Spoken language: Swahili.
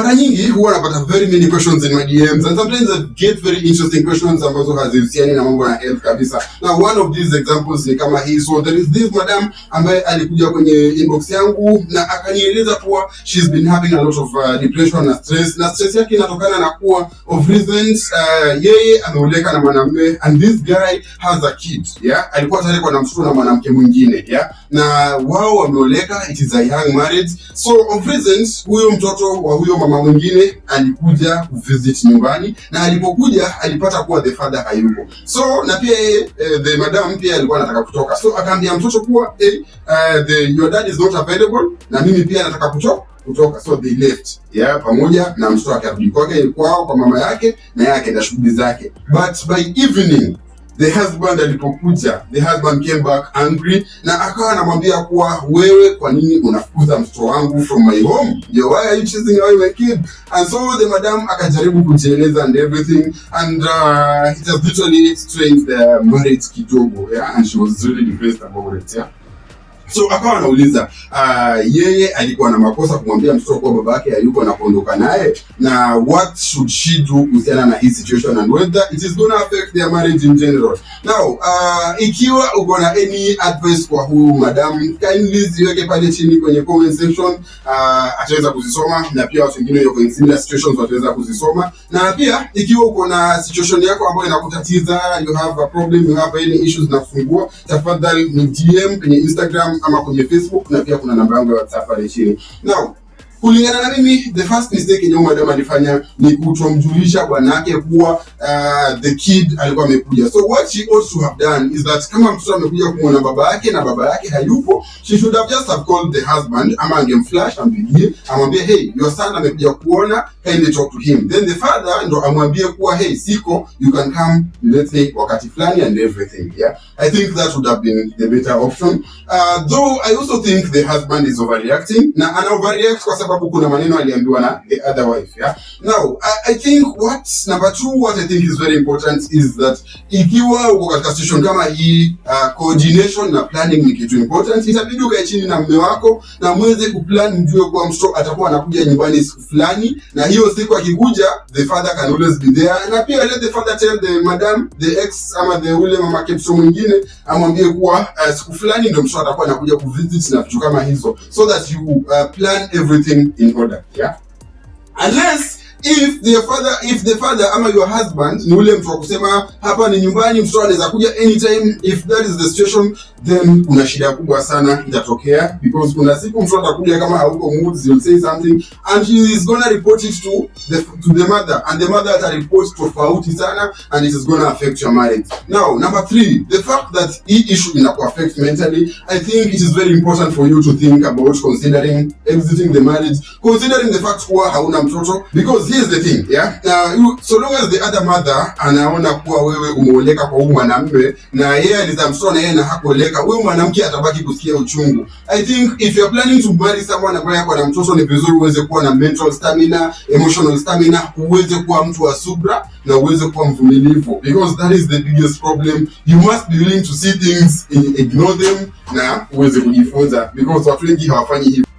Mara nyingi huwa napata very many questions in my DMs and sometimes I get very interesting questions ambazo hazihusiani na mambo ya health kabisa. Na one of these examples ni kama hii. So there is this madam ambaye alikuja kwenye inbox yangu na akanieleza kuwa she's been having a lot of uh, depression na stress na stress yake inatokana na kuwa of reasons uh, yeye ameoleka na mwanamume and this guy has a kid. Yeah, alikuwa tayari kwa na mtoto na mwanamke mwingine. Yeah na wao wameoleka, it is a young marriage. So on present huyo mtoto wa huyo mama mwingine alikuja kuvisit nyumbani, na alipokuja alipata kuwa the father hayuko, so na pia yeye eh, the madam pia alikuwa anataka kutoka, so akaambia mtoto kuwa eh, uh, the your dad is not available, na mimi pia nataka kutoka kutoka so they left yeah, pamoja na mtoto akarudi kwake kwao kwa mama yake, na yake na shughuli zake, but by evening The husband alipokuja, the husband came back angry, na akawa anamwambia kuwa wewe, kwa nini unafukuza mtoto wangu from my home? Yo, why are you chasing away my kid? And so the madam akajaribu kujieleza and everything and uh, it has literally strained the marriage kidogo, yeah? And she was really depressed about it, yeah? So akawa anauliza uh, yeye alikuwa na makosa kumwambia mtoto kuwa baba yake hayuko na kuondoka naye, na what should she do kuhusiana na hii situation and whether it is gonna affect their marriage in general. Now uh, ikiwa uko na any advice kwa huyu madam, kindly ziweke pale chini kwenye comment section uh, ataweza kuzisoma na pia watu wengine wako in similar situations wataweza kuzisoma, na pia ikiwa uko na situation yako ambayo inakutatiza, you have a problem, you have any issues na kufungua, tafadhali ni DM kwenye Instagram ama kwenye Facebook na pia kuna namba yangu ya WhatsApp pale chini. Now, Kulingana na mimi, the first mistake yenye madam alifanya ni kutomjulisha bwanake kuwa uh, the kid alikuwa amekuja. So what she ought to have done is that kama mtoto amekuja kumwona baba yake na baba yake hayupo, she should have just have called the husband, ama angemflash ampigie, amwambie hey, your son amekuja kuona, kindly talk to him. Then the father ndo amwambie kuwa hey, siko, you can come let's say wakati fulani and everything. Yeah, I think that would have been the better option. Uh, though I also think the husband is overreacting na ana overreact kwa sababu sababu kuna maneno aliambiwa na the other wife yeah? Now I, I think what number two what I think is very important is that ikiwa uko katika situation kama hii uh, coordination na planning ni kitu important. Itabidi ukae chini na mume wako na mweze kuplan, mjue kwa mtoto atakuwa anakuja nyumbani siku fulani, na hiyo siku akikuja, the father can always be there, na pia let the father tell the madam the ex ama the ule mama kipso mwingine amwambie kuwa uh, siku fulani ndio mtoto atakuwa anakuja kuvisit na vitu kama hizo, so that you uh, plan everything in product yeah unless if the father if the father ama your husband ni ule mtu wa kusema hapa ni nyumbani, mtoto anaweza kuja anytime. If that is the situation, then kuna shida kubwa sana itatokea, because kuna siku mtoto atakuja kama hauko mood, you say something and he is gonna report it to the to the mother and the mother ata report tofauti sana and it is gonna affect your marriage. Now number three, the fact that he issue inaku affect mentally, I think it is very important for you to think about considering exiting the marriage, considering the fact kuwa hauna mtoto because here's the thing yeah? Uh, you, so long as the other mother anaona kuwa wewe umeoleka kwa huyu mwanamume na yeye alizamsona yeye na hakuoleka, wewe mwanamke atabaki kusikia uchungu. I think if you're planning to marry someone ambaye yako na mtoto, ni vizuri uweze kuwa na mental stamina, emotional stamina, uweze kuwa mtu wa subra na uweze kuwa mvumilivu because that is the biggest problem. You must be willing to see things, ignore them na uweze kujifunza because watu wengi hawafanyi hivyo.